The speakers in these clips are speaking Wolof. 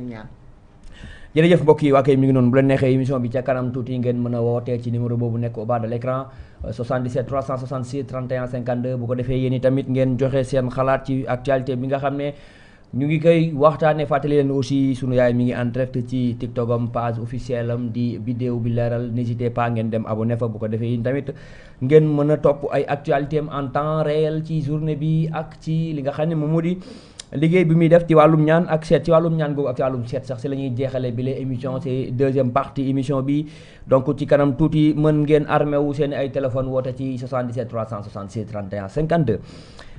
ñaan jërëjëf mbokk yi waa kay mi noonu bu neexee émission bi ca kanam tuuti ngeen mën a wootee ci numéro boobu nekk au bas de l'écran 77 euh, 366 bu ko defee yéen i tamit ngeen joxe seen xalaat ci actualité bi nga xam ñu ngi koy waxtaanee fàttali leen aussi suñu yaay mi ngi en direct ci TikTok am page officielle am di vidéo bi leeral n'hésitez pas ngeen dem abu nefa bu ko defee intamit ngeen mën a topp ay actualité en temps réel ci journée bi ak ci li nga xam ne moom mu di liggéey bi muy def ci wàllum ñaan ak seet ci wàllum ñaan googu ak ci wàllum seet sax si la ñuy jeexale bi la émission c'est deuxième partie émission bi donc ci kanam tuuti mën ngeen armé wu seen ay téléphone woote ci 77 366 31 52.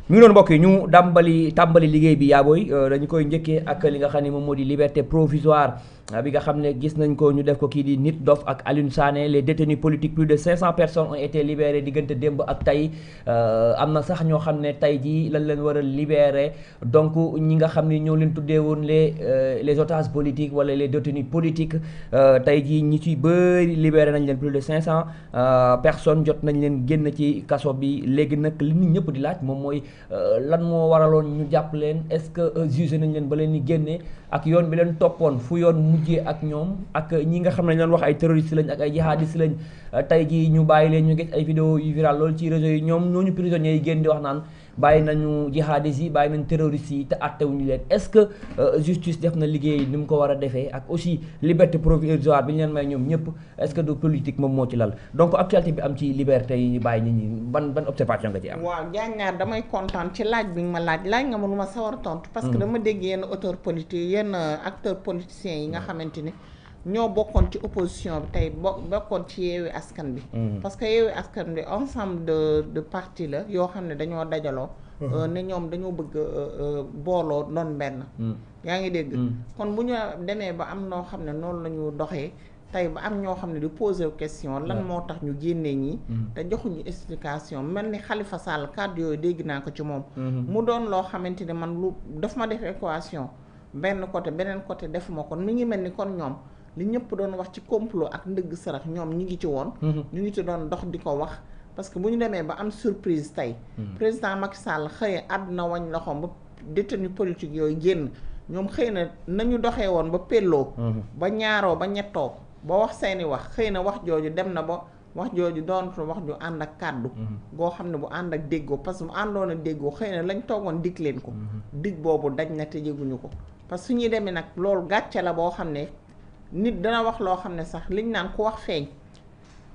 mi ngi doon mbokk yi ñu dàmbali tàmbali liggéey bi yaa booy euh, dañu koy njëkkee ak li nga xam ni moom moo di liberté provisoire bi nga xam ne gis nañ ko ñu def ko kii di nit dof ak Alioune Sané les détenus politiques plus de 500 personnes ont été libérées diggante démb ak tey euh, am na sax ñoo xam ne tey jii lañ leen war a libéré donc ñi nga xam ne ñoo leen tuddee woon les euh, les otages politiques wala les détenus politiques euh, tey jii ñi ci bëri libere nañ leen plus de 500 personnes jot nañ leen génn ci kaso bi léegi nag li nit ñëpp di laaj moom mooy lan moo waraloon ñu jàpp leen est-ce que jugé nañ leen ba leen di génne. ak yoon bi leen toppoon fu yoon mujjee ak ñoom ak ñi nga xam ne leen wax ay terroriste lañ ak ay jihadiste lañ tey jii ñu bàyyi leen ñu gis ay vidéo yu viral loolu ci réseau yi ñoom ñooñu prisonniers yi génn di wax naan bàyyi nañu jihadistes yi bàyyi nañu terroristes yi te àttewuñu leen est-ce que euh, justice def na liggéey ni mu ko war a defee ak aussi liberté provisoire bi ñu leen may ñoom ñëpp est-ce que du politique moom moo ci lal donc actualité bi am ci liberté yi ñu bàyyi nit ñi ban ban observation nga ci am. waaw Diagne damay kontaan ci laaj bi nga ma laaj laaj nga ma lu ma sawar tontu. parce que hmm. dama dégg yenn auteur politique yenn euh, acteur politicien yi nga hmm. xamante ne ñoo bokkoon ci opposition bi tey bo bokkoon ci yeewi askan bi mm. parce que yeewi askan bi ensemble de de parti la yoo xam ne dañoo dajaloo mm. euh, ne ñoom dañoo bëgg euh, euh, booloo doon benn mm. yaa ngi dégg kon bu ñu demee ba am noo xam ne noonu la ñu doxee tey ba am ñoo xam ne di poser question lan moo tax ñu génnee ñi te joxuñu explication mel ni xalifa Sall kàddu yooyu dégg naa ko ci moom mm-hmm. mu doon loo xamante ne man lu daf ma def équation benn côté beneen côté defuma ko mi ngi mel ni kon ñoom li ñëpp doon wax ci complot ak ndëgg sarax ñoom ñi ngi ci woon. Mhm. ñu ngi ci doon dox di ko wax. parce que bu ñu demee ba am surprise tey. Mhm. président Macky Sall xëy àdduna wañ loxoom ba détenu politique yooyu génn ñoom xëy na nañu doxee woon ba pelloo. Mhm. ba ñaaroo ba ñettoo ba wax seeni wax xëy na wax jooju dem na ba wax jooju doonatu wax ju ànd ak kàddu. goo xam ne bu ànd ak déggoo parce que bu àndoon a déggoo xëy na lañ toogoon dig leen ko. dig boobu daj na te yëguñu ko parce que ñuy demee nag loolu gàcce la boo xam ne nit dana wax loo xam ne sax liñ naan ku wax feeñ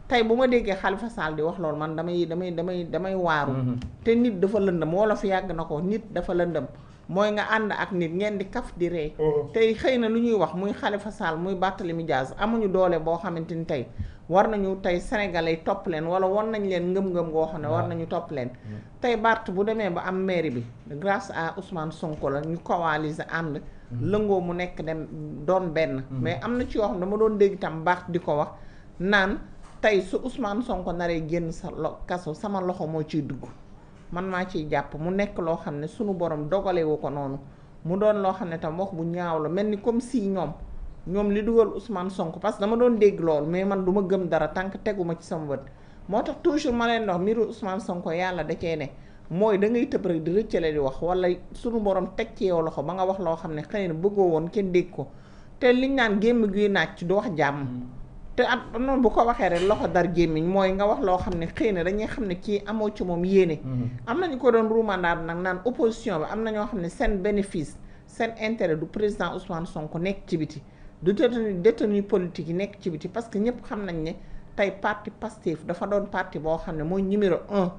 tey bu ma déggee Khalifa Sall di wax lool man damay damay damay damay waaru mm-hmm. te nit dafa lëndëm wolof yàgg na ko nit dafa lëndëm mooy nga ànd ak nit ngeen di kaf di ree oh. tey xëy na lu ñuy wax muy Khalifa Sall muy Barthélémy Dias amuñu doole boo xamante ni tey war nañu tey sénégalais topp leen wala war nañ leen ngëm-ngëm goo xam ne war mm-hmm. nañu topp leen mm-hmm. tey Barth bu demee ba am mairie bi grâce à Ousmane Sonko la ñu coaliser ànd Mm-hmm. lëngoo mu nekk dem doon benn mm-hmm. mais am na ci yoo xam dama doon dégg tam baax di ko wax naan tey su usmaan Sonko naree génn sa lo kaso sama loxo moo ciy dugg man maa ciy jàpp mu nekk loo xam ne sunu borom dogalewu ko noonu mu doon loo xam ne tam wax bu ñaaw la mel ni comme si ñoom ñoom li dugal Ousmane Sonko parce que dama doon dégg loolu mais man du ma gëm dara tànk teguma ci sama wët moo tax toujours ma leen dox mbiru Ousmane Sonko yàlla da cee ne mooy da ngay tëb rek di rëccale di wax wala sunu borom teg ci yow loxo ba nga wax loo xam ne xëy na bëggoo woon kenn dégg ko te liñ naan gémm guy naaj du wax jàmm. Mm. te am na bu ko waxee rek loxo dar gémmiñ mooy nga wax loo xam ne xëy na dañuy xam ne kii amoo ci moom yéene. Mm-hmm. am nañu ko doon ruumandaat nag naan opposition bi am na ñoo xam ne seen bénéfice seen intérêt du président Ousmane Sonko nekk ci biti. du détenu détenu politique yi nekk ci biti parce que ñëpp xam nañ ne tey parti Pastef dafa doon parti boo xam ne mooy numéro un.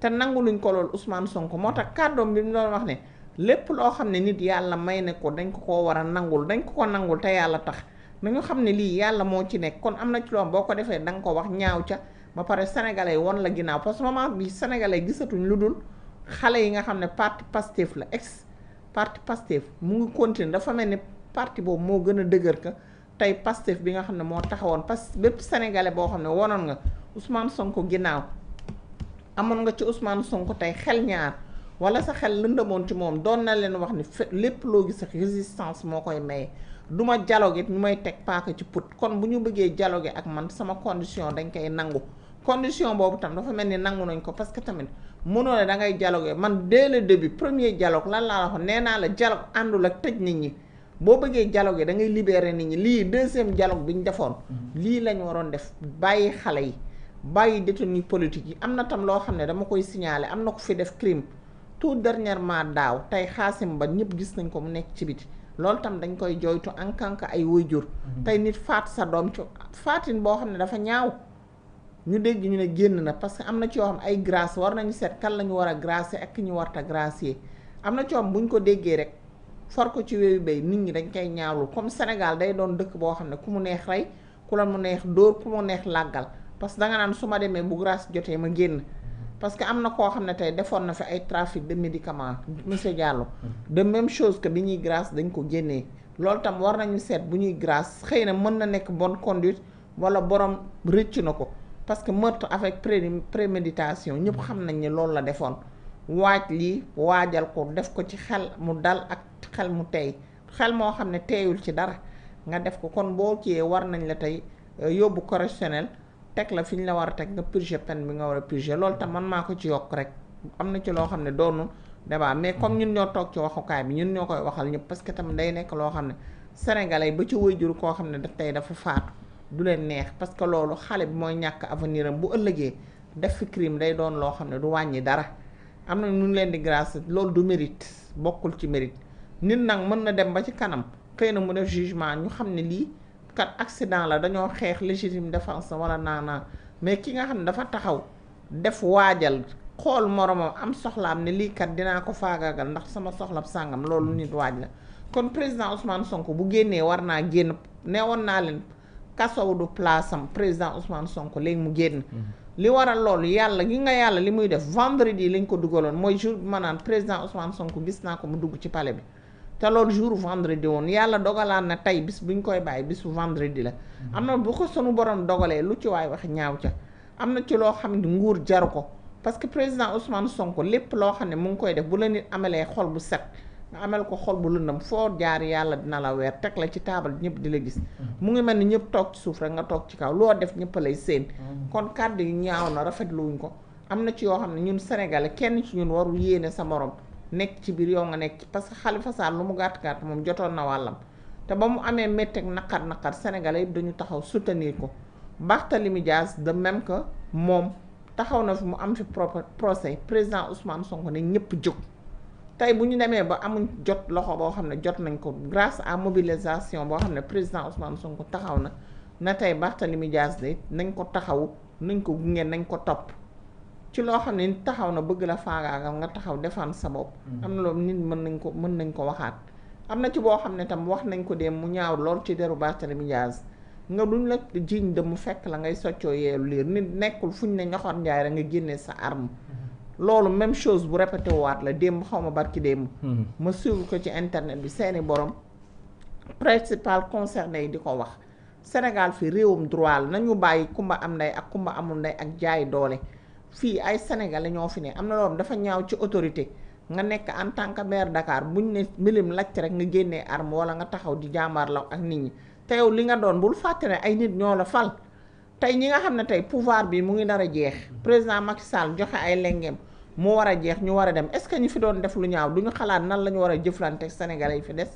te nangu luñ ko lool Ousmane Sonko moo tax kàddoom bi mu doon wax ne lépp loo xam ne nit yàlla may ne ko dañ ko ko war a nangul dañ ko ko nangul te yàlla tax nañu xam ne lii yàlla moo ci nekk kon am na ci loom boo ko defee danga ko wax ñaaw ca ba pare sénégalais yi won la ginnaaw parce que moment bi sénégalais gisatuñ lu dul xale yi nga xam ne parti Pastef la ex parti Pastef mu ngi continuer dafa mel ni parti boobu moo gën a dëgër ka tey Pastef bi nga xam ne moo taxawoon parce que bépp sénégalais boo xam ne wonoon nga Ousmane Sonko ginnaaw amoon nga ci Ousmane Sonko tey xel ñaar wala sa xel lëndëmoon ci moom doon na leen wax ni lépp loo gis résistance moo koy maye duma ma dialogue it ñu may teg paaka ci put kon bu ñu bëggee dialogue ak man sama condition dañ koy nangu condition boobu tam dafa mel ni nangu nañ ko parce que tamit mënoo dangay da man dès le début premier dialogue lan laa la wax nee naa la dialogue àndul ak tëj nit ñi boo bëggee dialogue da ngay libérer nit ñi lii deuxième dialogue bi ñu defoon mm-hmm. lii lañ waroon def bàyyi xale yi bàyyi nii politique yi am na tam loo xam ne dama koy signaler am na ko fi def crime tout dernièrement daaw tey xaasim ba ñëpp gis nañ ko mu nekk ci biti lool tam dañ koy jooytu en tant que ay jur mhm. tey nit faat sa doom ci faatin boo xam ne dafa ñaaw ñu dégg ñu ne génn na parce que am na ci yoo xam ay grâce war nañu seet kan la war a gracier ak ki ñu warta gracier am na ci yoo xam bu ñu ko déggee rek for ko ci wéyu bay nit ñi dañ koy ñaawlu comme Sénégal day doon dëkk boo xam ne ku mu neex rey ku la mu neex dóor ku mu neex làggal parce que danga naan su ma demee bu grâce jotee ma génn parce que am na koo xam ne tey defoon na fi ay trafic de médicaments monsieur Diallo de même chose que bi ñuy grace dañ ko génnee loolu tam war nañu seet bu ñuy grace xëy na mën na nekk bon conduite wala borom rëcc na ko parce que meurtre avec préméditation ñëpp xam nañ ne loolu la defoon waaj lii waajal ko def ko ci xel mu dal ak xel mu tey xel moo xam ne teeyul ci dara nga def ko kon boo ciyee war nañ la tey euh, yóbbu correctionnel teg la fi ñu la war a teg nga purger peine bi nga war a purger loolu tam man maa ko ci yokk rek am na ci loo xam ne doonu débat mais comme ñun ñoo toog ci waxukaay bi ñun ñoo koy waxal ñëpp parce que tam day nekk loo xam ne sénégalais ba ci wayjur koo xam ne daf tey dafa faatu du leen neex parce que loolu xale bi mooy ñàkk avenir am bu ëllëgee def fi crime day doon loo xam ne du wàññi dara am na ñu leen di grâce loolu du mérite bokkul ci mérite nit nag mën na dem ba ci kanam xëy na mu def jugement ñu xam ne lii kat accident la dañoo xeex légitime défense wala naanaa mais ki nga xam ne dafa taxaw def waajal xool moromam am soxlaam ne lii kat dinaa ko faagaagal ndax sama soxla sàngam loolu nit waaj la kon président Ousmane sonk bu génnee war naa génn ne woon naa leen kaso du place am président Ousmane Sonko léegi mu génn. Mhm. li waral loolu yàlla gi nga yàlla li muy def vendredi lañ ko dugaloon mooy jour bi ma naan président usman sonk gis naa ko mu dugg ci pale bi. te loolu jour vendredi woon yàlla dogalaan na tey bis buñ koy bàyyi bisu vendredi la mhm. am na bu ko sunu borom dogalee lu ci waay wax ñaaw ca am na ci loo xam ne nguur jaru ko parce que président Ousmane sonk lépp loo xam ne mu ngi koy def bu la nit amalee xol bu set nga amal ko xol bu lëndam foo jaar yàlla dina la weer teg la ci taabal ñëpp di la gis mhm. mu ngi mel ni ñëpp toog suuf rek nga toog ci kaw loo def ñëpp lay séen mhm. kon kàddu yi ñaaw na rafetluwuñ ko am na ci yoo xam ne ñun Sénégal kenn ci ñun warul yéene sa morom nekk ci biir yow nga nekk ci parce que Khalifa lu mu gàtt gàtt moom jotoon na wàllam te ba mu amee métteeg naqar naqar sénégalais yëpp dañu taxaw soutenir ko Barthélemy Dias de même que moom taxaw na fi mu am fi procès président Ousmane sonk ne ñëpp jóg tey bu ñu demee ba amuñ jot loxo boo xam ne jot nañ ko grace à mobilisation boo xam ne président Ousmane sonk taxaw na na tey Barthélemy Dias de nañ ko taxawu nañ ko gunge nañ ko topp. ci loo xam ne nit taxaw na bëgg la faagaagal nga taxaw defaan sa bopp. Mm-hmm. am na loolu nit mën nañ ko mën nañ ko waxaat. am na ci boo xam ne tam wax nañ ko dem mu ñaaw lool ci deru Barthélémy Dias nga duñ la jiiñ de mu fekk la ngay soccoo yeelu liir nit nekkul fuñ ne ñoxoon njaay rek nga génne sa arme. Mm-hmm. loolu même chose bu répété waat la démb xaw ma barki démb. Mm-hmm. ma suivre ko ci internet bi seeni borom. principal concerné yi di ko wax Sénégal fi réewum droit la nañu bàyyi kumba am ndey ak kumba amul ndey ak jaay doole. fii ay sénégalais ñoo fi ne am na loolu dafa ñaaw ci autorité nga nekk en tant que maire bu buñ ne mbilim lacc rek nga génnee arme wala nga taxaw di jaambaar la ak nit ñi te yow li nga doon bul fàtte ay nit ñoo la fal tey ñi nga xam ne tey pouvoir bi mu ngi nar a jeex président Macky saal joxe ay lengeem mu war a jeex ñu war a dem est-ce que ñu fi doon def lu ñaaw du ñu xalaat nan la ñu war a jëflante sénégalais yi fi des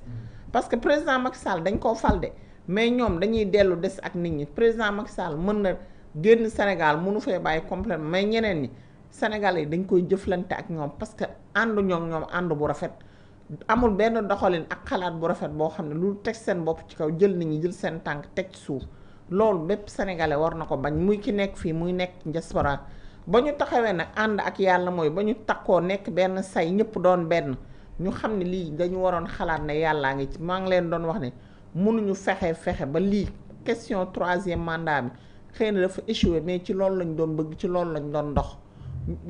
parce que président Macky saal dañ koo fal mais ñoom dañuy dellu des ak nit ñi président Macky Sall mën na génn Sénégal munu fee bàyyi complètement mais ñeneen ñi Sénégalais yi dañ koy jëflante ak ñoom parce que àndu ñoom ñoom ànd bu rafet amul benn doxalin ak xalaat bu rafet boo xam ne lu teg seen bopp ci kaw jël nañu jël seen tànk teg ci suuf loolu bépp sénégalais war na ko bañ muy ki nekk fii muy nekk diaspora ba ñu taxawee nag ànd ak yàlla mooy ba ñu takkoo nekk benn say ñëpp doon benn ñu xam ne lii dañu waroon xalaat ne yàllaa ngi ci maa ngi leen doon wax ne mënuñu fexe fexe ba lii question troisième mandat bi xëy na dafa échoué mais ci loolu lañ doon bëgg ci loolu lañ doon ndox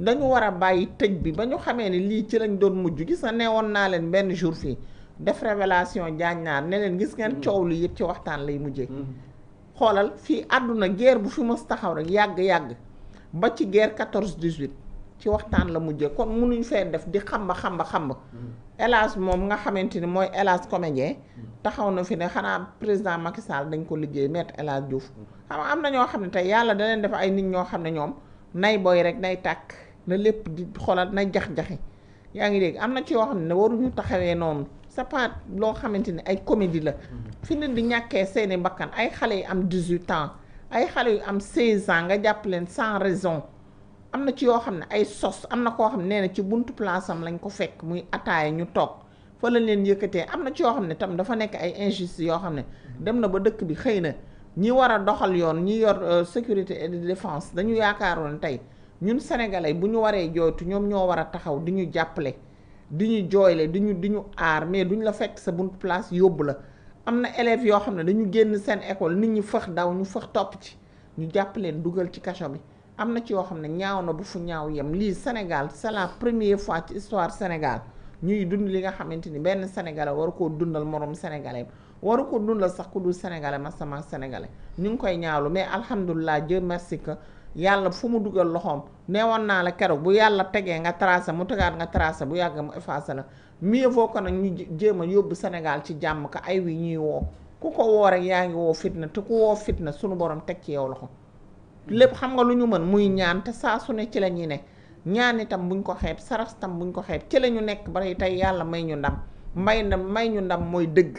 dañu war a bàyyi tëj bi ba ñu xamee ne lii ci lañ doon mujj gis ne neewoon naa leen benn jour fii def révélation jaañ ne leen gis ngeen mm. coow li yëpp ci waxtaan lay mujjee mm. xoolal fii àdduna guerre bu fi mës taxaw rek yàgg-yàgg ba ci guerre 14 18 ci waxtaan la mujjee kon munuñ fee def di xamba xamba xamba Elage mm. moom nga xamante ni mooy Elage comédien mm. taxaw na fi ne xanaa président Macky Sall dañ ko liggéey maître Elage Diouf mm. xam am na ñoo xam ne tey yàlla daleen leen def ay nit ñoo xam ne ñoom nay booy rek nay tàkk na lépp di xoolal na jax-jaxi yaa ngi dégg am na ci yoo xam ne waruñu taxawee noonu sa pas loo xamante ni ay comédie la fi nit di ñàkkee seeni bakkan ay xale yu am 18 ans ay xale yu am 16 ans nga jàpp leen sans raison am na ci yoo xam ne ay sos am na koo xam ne nee na ci buntu place am lañ ko fekk muy ataaya ñu toog fa leen yëkkatee am na ci yoo xam ne tam dafa nekk ay injustice yoo xam ne dem na ba dëkk bi xëy na ñi war a doxal yoon ñi yor euh, sécurité et de défense dañu yaakaaroon tey ñun sénégalais bu ñu waree jooytu ñoom ñoo war a taxaw di ñu jàppale di ñu jooyle di ñu di ñu aar mais duñ la fekk sa buntu place yóbbu la am na élèves yoo xam ne dañu génn seen école nit ñi fëx daw ñu fëx topp ci ñu jàpp leen dugal ci kaso bi am na ci yoo xam ne ñaaw na bu fu ñaaw yem lii Sénégal c'est la première fois ci histoire Sénégal ñuy dund li nga xamante ni benn sénégalais waru ko dundal moroom sénégalais waru ko dundal sax ku dul sénégalais masama sénégalais ñu ngi koy ñaawlu mais alhamdulilah Dieu merci que yàlla fu mu dugal loxoom neewoon naa la keroog bu yàlla tegee nga tracé mu tegaat nga tracé bu yàgg mu effacé la mieux vaut que nag ñu jéem a yóbbu Sénégal ci jàmm ko ay wi ñuy woo ku ko woo rek yaa ngi woo fitna te ku woo fitna sunu borom teg ci yow loxo. lépp xam nga lu ñu mën muy ñaan te saa su ne ci la ñuy ne ñaan itam buñ ko xeeb sarax tam buñ ko xeeb ci la ñu nekk ba tey yàlla may ñu ndam may ndam may ñu ndam mooy dëgg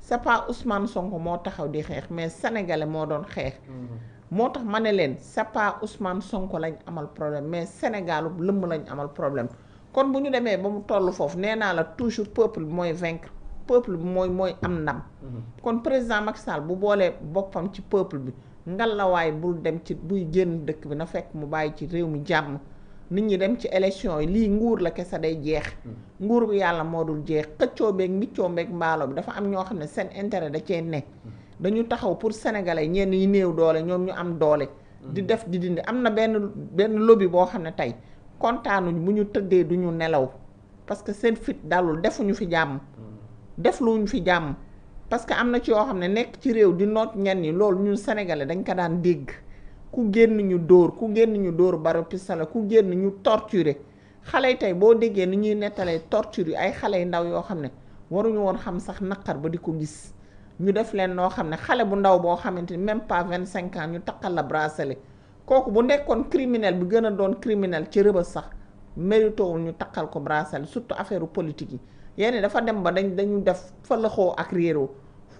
c'est pas Ousmane Sonko moo taxaw di xeex mais sénégalais moo doon xeex. Mm-hmm. moo tax ma ne leen c'est pas Ousmane Sonko lañ amal problème mais Sénégalu lëmm lañ amal problème kon bu ñu demee ba mu toll foofu nee naa la toujours peuple bi mooy vaincre peuple bi mooy mooy am ndam. Mm-hmm. kon président Macky bu boolee ci peuple ngalawaay bul dem ci buy génn dëkk bi na fekk mu bàyyi ci réew mi jàmm nit ñi dem ci élection yi lii nguur la kese day jeex mm. nguur bi yàlla moo dul jeex xëccoo beek mbiccoo beeg mbaalo bi dafa am ñoo xam ne seen intérêt da cee ne mm. dañu taxaw pour sénégalais ñenn yi néew doole ñoom ñu am doole mm. di def di dindi am na benn benn lobi boo xam ne tey kontaanuñ bu ñu tëggee du ñu nelaw parce que seen fit dalul defuñu fi jàmm def luñu fi jàmm parce que am na ci yoo xam ne nekk ci réew di noot ñenn ñi loolu ñun sénégalais dañ ko daan dégg ku génn ñu dóor ku génn ñu dóor baro pistolet ku génn ñu torturer xale yi tey boo déggee ni ñuy nettalee torture yi ay xale yu ndaw yoo xam ne waruñu woon xam sax naqar ba di ko gis ñu def leen noo xam ne xale bu ndaw boo xamante ni même pas vingt cinq ans ñu taqal la bracelet kooku bu nekkoon criminel bi gën a doon criminel ci rëbës sax méritoowul ñu taqal ko bracelet surtout affaire politique yi yenn dafa dem ba dañ dañu def fëlëxoo ak réeroo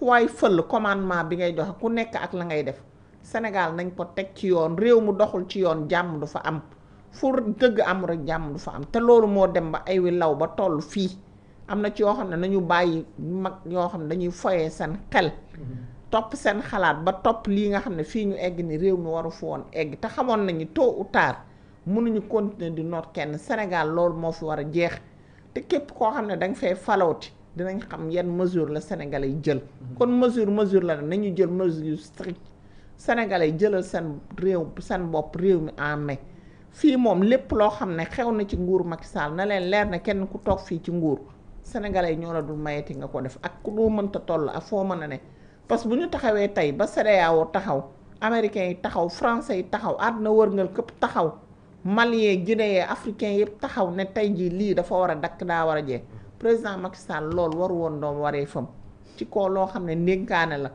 waaye fël commandement bi ngay joxe ku nekk ak la ngay def Sénégal nañ ko teg ci yoon réew mu doxul ci yoon jàmm du fa am fu dëgg am rek jàmm du fa am te loolu moo dem ba ay wi law ba toll fii am na ci yoo xam ne nañu bàyyi mag yoo xam ne dañuy foyee seen xel topp seen xalaat ba topp lii nga xam ne fii ñu egg ni réew mi waru fi woon egg te xamoon nañu tôt ou tard mënuñu continuer di noot kenn Sénégal loolu moo fi war a jeex te képp koo xam ne da nga fee falooti dinañ xam yenn mesure la sénégalais yi jël mhm. kon mesure mesure la nañu jël mesure yu strict sénégalais yi jëlal seen réew seen bopp réew mi en mai fii moom lépp loo xam ne xew na ci nguur Macky Sall na leen leer ne kenn ku toog fii ci nguur sénégalais yi ñoo la dul mayeti nga ko def ak ku doo mënta toll ak foo mën a ne parce que bu ñu taxawee tey ba CEDEAO taxaw américains yi taxaw français yi taxaw àdduna wërngal këpp taxaw Malien Guinéen africain yëpp taxaw ne tey jii lii dafa war a dakk daa war a jeex président Macky Sall loolu waru woon doom waree fam ci ko loo xam ne ndénkaane la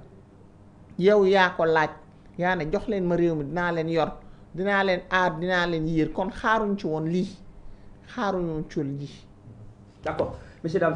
yow yaa ko laaj yaa ne jox leen ma réew mi dinaa leen yor dinaa leen aar dinaa leen yiir kon xaaruñ ci woon lii xaaruñu ci lii. D'accord, messieurs